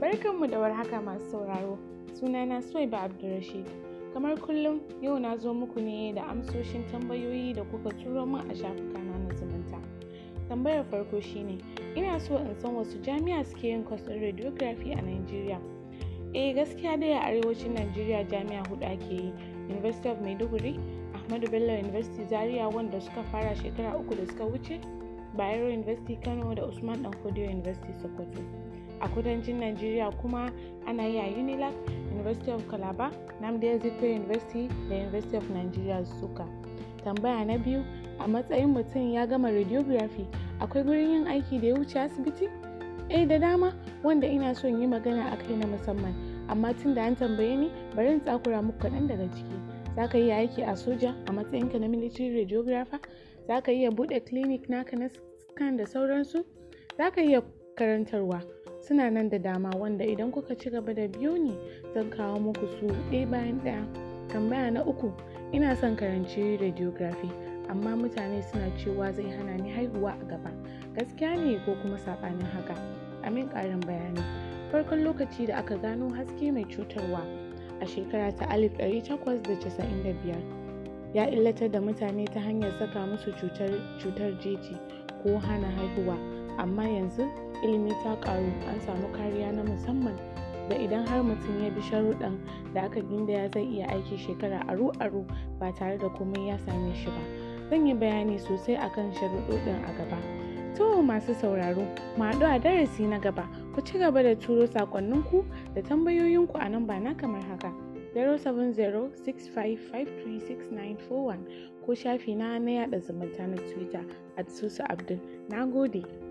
Barkanmu da warhaka masu sauraro, sunana Suwaiba Abdulrashid. Kamar kullum yau na zo muku ne da amsoshin tambayoyi da kuka turo min a shafukana na zumunta. Tambayar farko shine, ina so in san wasu jami'a suke yin kwasan radiography a Najeriya. Eh gaskiya dai a arewacin Najeriya jami'a hudu ake yi, University of Maiduguri, Ahmadu Bello University Zaria wanda suka fara shekara uku da suka wuce, Bayero University Kano da Usman Danfodiyo University Sokoto. a kudancin Najeriya kuma ana yi a UNILAG, University of Calabar, Nnamdi Azikiwe University da University of Nigeria suka? Tambaya na biyu, a matsayin mutum ya gama radiography, akwai gurin yin aiki da ya wuce asibiti? Eh da dama wanda ina son yi magana a kai na musamman, amma tun da an tambaye ni bari in tsakura muku kaɗan daga ciki. Za ka iya aiki a soja a matsayinka na military radiographer, za ka iya buɗe clinic naka na scan da sauransu, za ka iya karantarwa. suna nan da dama wanda idan kuka ci gaba da biyo ni zan kawo muku su ɗaya bayan ɗaya tambaya na uku ina son karanci radiography amma mutane suna cewa zai hana ni haihuwa a gaba gaskiya ne ko kuma saɓanin haka amin ƙarin bayani farkon lokaci da aka gano haske mai cutarwa a shekara ta biyar, ya illatar da mutane ta hanyar saka musu cutar jeji ko hana haihuwa amma yanzu ilimi ta ƙaru an samu kariya na musamman da idan har mutum ya bi sharuɗan da aka gindaya zai iya aiki shekara aru-aru ba tare da komai ya same shi ba zan yi bayani sosai akan sharuɗoɗin a gaba to masu sauraro mu haɗu a darasi na gaba ku ci gaba da turo sakonninku da tambayoyinku a nan ba na kamar haka 0706553691 ko shafi na na yaɗa zumunta na twitter at abdul na gode